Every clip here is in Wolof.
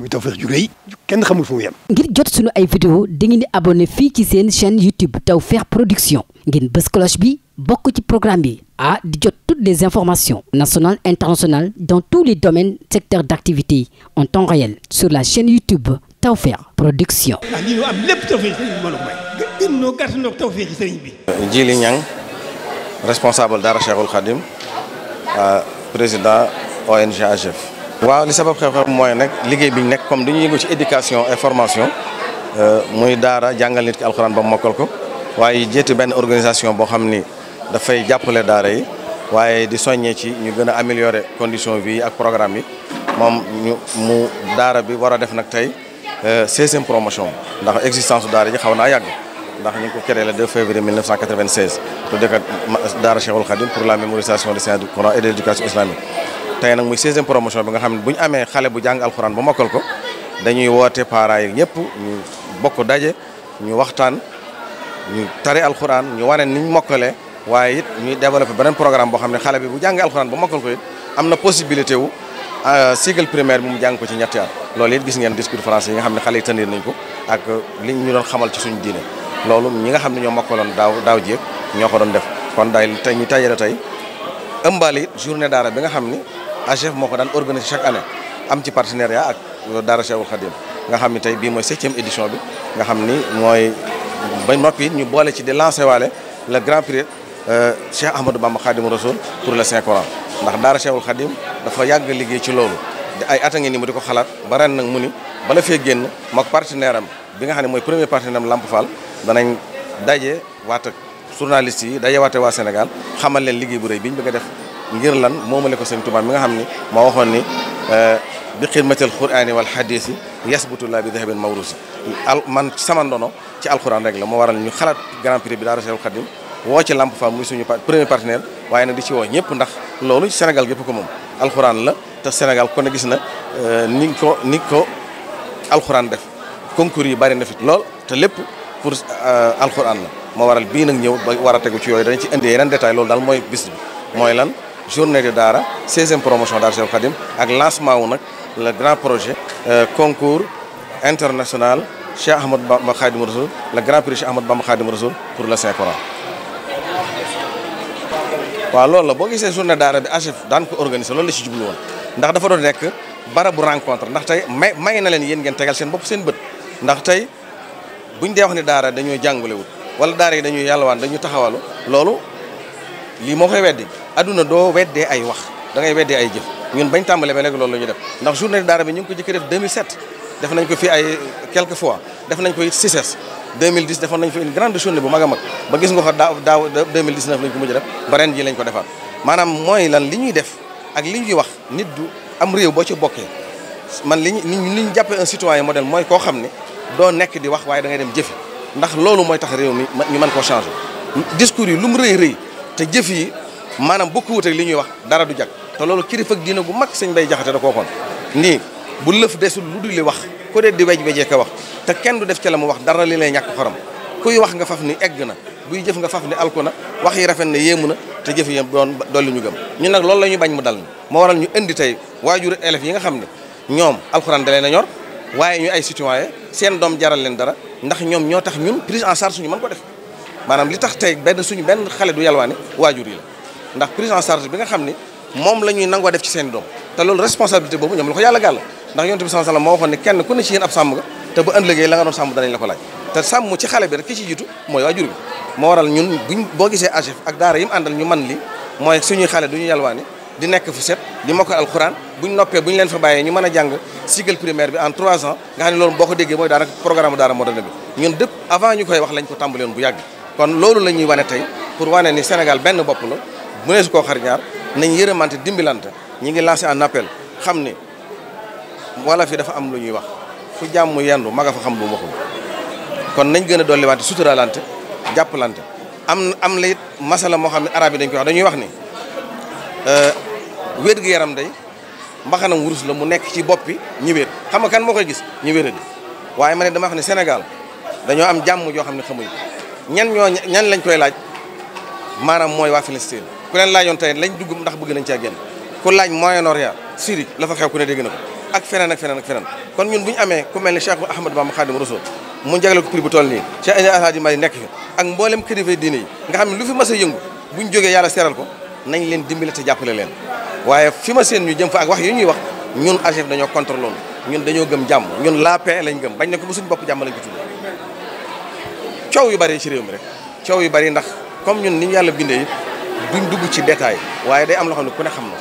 muy Tawfekh ju rëy kenn xamul fu mu ngir jot sunu ay vidéo dangeen di abonné fii ci seen chaîne YouTube Tawfekh Production ngeen bës bi bokk ci programme bi ah di jot toutes les informations nationales internationales dans tous les domaines secteurs d'activité en temps réel sur la chaine YouTube Tawfekh Production. ah lii am lépp Tawfekh sëriñ bi may. gën responsable dara Cheikhul Khadim euh, président ONG AGEF. waaw li sabab xew-xew mooy nag liggéey bi ñu nekk comme ñu yëngu ci éducation et formation euh, muy daara jàngal nit ki alxuraan ba mokkal ko waaye jeetu benn organisation boo xam ni dafay jàppale daara yi waaye di soññee ci ñu gën a améliorer condition vie ak programme yi moom ñu mu daara bi war a def nag tey euh, seizième promotion ndax existence u daara ji xaw naa yàgg ndax ñu ngi ko créé le 2 février 1996 tuddee daara Cheikhul Khadim pour la mémorisation de l'éducation tey nag muy 16e promotion bi nga xam ne bu ñu amee xale bu jàng alxuraan ba mokkal ko dañuy woote parents yi ñëpp ñu bokk daje ñu waxtaan ñu tari alxuraan ñu wanee ni ñu mokkalee waaye it ñuy développé beneen programme boo xam ne xale bi bu jàngee alxuraan ba mokkal ko it am na possibilité wu euh, cycle primaire mu jàng ko ci ñetti at. loolu it gis ngeen discours français yi nga xam ne xale yi tëndir nañ ko ak li ñu doon xamal ci suñ diine loolu ñi nga xam ne ñoo mokkaloon daaw daaw jéeg ñoo ko doon def kon daay tey ñu tajale tey ëmbaale it daara bi nga xam ni AGF moo ko daan organiser chaque année am ci partenariat ak Daara Cheikhul Khadim nga xam ni tey bii mooy septième édition bi nga xam ni mooy ba noppi ñu boole ci di lancé waale le grand prix euh, Cheikh Ahmadou Bamba Khadim Rasoul pour le cinq Coran ndax Daara Cheikhul Khadim dafa yàgg liggéey ci loolu ay ata a ngi ni mu di ko xalaat ba ren nag mu ni bala fee génn mook partenaire am bi nga xam ne mooy premier partenaire am Lamp Fall danañ daje waat ak journaliste yi daje waate waa Sénégal xamal leen liggéey bu rëy biñ bëgg def ngir lan moomale ko sëñ Tuubaa mi nga xam ni moo waxoon ni eh, bi xidmatil quraani wal xadiisi yasbutullah bi dahabin mawrusi al man sama ndono ci alquran rek la moo waral ñu xalaat grand prix bi daar Seexul Xadim woo ci Lamp Fall muy suñu premier partenaire waaye nag di ci woo ñëpp ndax loolu Sénégal gépp ko moom alxuraan la te Sénégal kon gis na eh, ni ko ni ko alxuraan def concours yi bari na fi lool te lépp pour eh, alxuraan la moo waral bii nag ñëw ba war a tegu ci yooyu dañ ci indi yeneen détail loolu daal mooy bis bi mooy lan journée de daara 16e promotion Daara Cheikhoul Khadim ak lancement wu nag le grand projet euh, concours international Cheikh Ahmad ba Khadim Rasoul le grand prix Cheikh Ahmad Bamba Khadim Rasoul pour le Saint Coran waaw loolu la boo gisee journée daara bi ACHEF daan ko organiser loolu la ci ndax dafa doon nekk barabu rencontre ndax tey may may na leen yéen ngeen tegal seen bopp seen bët ndax tey buñ dee wax ne daara dañoo jàngale wut wala daara yi dañuy yàllawaan dañuy taxawalu loolu lii moo koy weddi adduna doo weddee ay wax da ngay weddee ay jëf ñun bañ tàmbale ba léegi loolu la ñu def ndax journée daara bi ñu ngi ko jëkk def 2007 def nañ ko fi ay quelques fois def nañ ko it CICES 2010 defoon nañ fi une grande journée bu mag a mag ba gis nga ko daaw daaw 2019 lañ ko mujj def ba ren ji lañ ko defaat maanaam mooy lan li ñuy def ak li ñuy wax nit du am réew boo ci bokkee man li ñu li ñu jàppee un citoyen modèle mooy koo xam ne doo nekk di wax waaye da ngay dem jëfi ndax loolu mooy tax réew mi ñu mën koo changer discours yi lu mu rëy rëy te jëf yi maanaam bokku wut li ñuy wax dara du jag te loolu kilifa ak diina gu mag sëñ Mbay Jaxate da koo kon nii bu lëf desul lu dul li wax ku dee di wej wejee ka wax te kenn du def ca la mu wax dara li lay ñàkk xorom kuy wax nga faf ni egg na buy jëf nga faf ni alku na wax yi rafet na yéemu na te jëf yi doon lu ñu gëm ñu nag loolu la ñu bañ mu dal ni moo waral ñu indi tey waajur élèves yi nga xam ne ñoom alxuraan da leen a waaye ñu ay citoyen seen doom jaral leen dara ndax ñoom ñoo tax ñun prise en charge suñu mën ko def maanaam li tax tey benn suñu benn xale du waajur yi ndax prise en charge bi nga xam ni moom la ñuy nangoo def ci seen doom te loolu responsabilité boobu ñoom la ko yàlla gàll ndax yonent bi sallallahu alayhi te bu ëllëgee la nga doon sàmm danañ la ko laaj te sàmm ci xale bi rek ki ci jiitu mooy waajur bi moo waral ñun buñ boo gisee AGEF ak daara ñu man li mooy suñuy xale duñu yalwaani di nekk fu set di mokkal leen fa bàyyee ñu mën jàng cycle primaire bi en trois ans loolu boo ko déggee mooy daanaka programme daara moderne bi ñun dëpp koy wax lañ ko tàmbali bu yàgg kon loolu la ñuy wane tey pour wane ni Sénégal benn bopp la mu koo xar ñaar nañ yërëmante dimbalante ñi ngi lancé un appel xam ni wala dafa am lu ñuy wax fu jàmm yendu maga fa xam lu mu kon nañ gën a dolliwante suturalante jàppalante am am la moo xam ne arab yi dañ koy dañuy wax ni euh, wér gi yaram day mbaxanam wurus la mu nekk ci boppi ñu wér xam nga kan moo koy gis ñu wér waaye ma ne dama wax ne Sénégal dañoo am jàmm joo xam ne xamuñ ko ñan ñoo ñan lañ koy laaj maanaam mooy waa Palestine ku leen laajoon tey lañ dugg ndax bëgg nañ caa génn ku laaj Moyen-Orient Syrie la fa xew ku ne dégg na ko ak feneen ak feneen ak feneen kon ñun bu ñu amee ku mel ni Cheikh Ahmadou Bamba Khadim Rasoul mu jagleel ko prix bu toll nii Cheikh Alhaji Malick nekk fi ak mboolem kilifa diine yi nga xam ne lu fi mas a yëngu bu ñu jógee yàlla seeral ko nañ leen dimbale te jàppale leen waaye fi ma seen ñu jëm fa ak wax yu ñuy wax ñun AGEF dañoo contre loolu ñun dañoo gëm jàmm ñun la lañ gëm bañ ne ko ba suñu bopp jàmm lañ ko tudd yu bari ci réew mi rek coow yu bari ndax comme ñun ni yàlla bindee duñ dugg ci détail waaye day am loxo xam ne ku ne xam na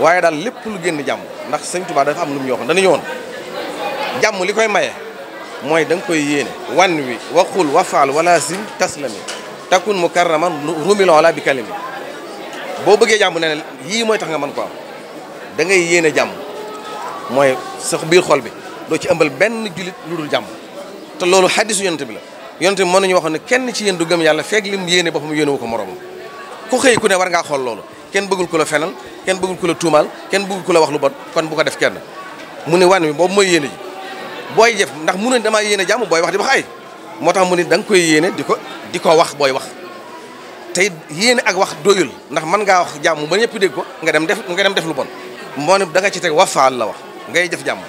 waaye daal lépp lu génn jàmm ndax sëñ Tuubaa dafa am lu mu yoo xam dana li koy maye mooy da nga koy yéene wan wi waxul wafaal wala sim taslami takun mukarraman rumilon wala bi kalimi boo bëggee jàmm ne ne yii mooy tax nga mën ko am da ngay yéene jàmm mooy sax biir xol bi doo ci ëmbal benn julit lu dul jàmm te loolu xaddisu la yonent bi wax kenn ci yéen du gëm yàlla feeg lim yéene boppam yéene wu ko moromam ku xëy ku ne war nga xool loolu kenn bëggul ku la fenal kenn bëggul ku la tuumaal kenn bëggul ku la wax lu bon kon bu ko def kenn mu ne wan wi boobu mooy yéene booy jëf ndax mu ne damaa yéene jàmm booy wax di wax ay moo tax mu ne danga koy yéene di ko di ko wax booy wax tey yéene ak wax doyul ndax mën ngaa wax jàmm ba ñëpp dégg ko nga dem def nga dem def lu bon moo ne da nga ci teg wafaal la wax ngay jef jàmm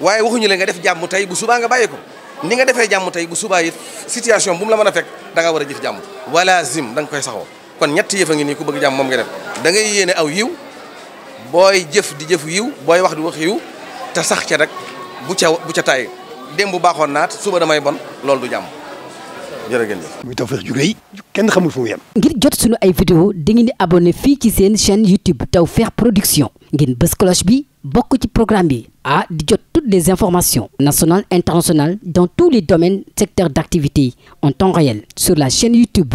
waaye waxuñu le nga def jàmm tey bu subaa nga bàyyi ko ni nga defee jàmm tey bu subaa situation bu la mën a fekk da war a jëf jàmm wala zim da nga koy saxoo kon ñett yëf ngi nii ku bëgg jàmm moom nga def da ngay yéene aw yiw booy jëf di jëf yiw booy wax di wax yiw te sax ca rek bu ca bu ca tàyyi démb bu baaxoon naat suba damay bon loolu du jàmm jërëjëf. muy Tawfekh ju rëy kenn xamul fu mu ngir jot sunu ay vidéo dangeen di abonné fii ci seen chaîne YouTube Tawfekh Production ngeen bës cloche bi bokk ci programme bi ah di jot toutes les informations national internationales dans tous les domaines secteurs d'activité en temps réel sur la chaîne YouTube.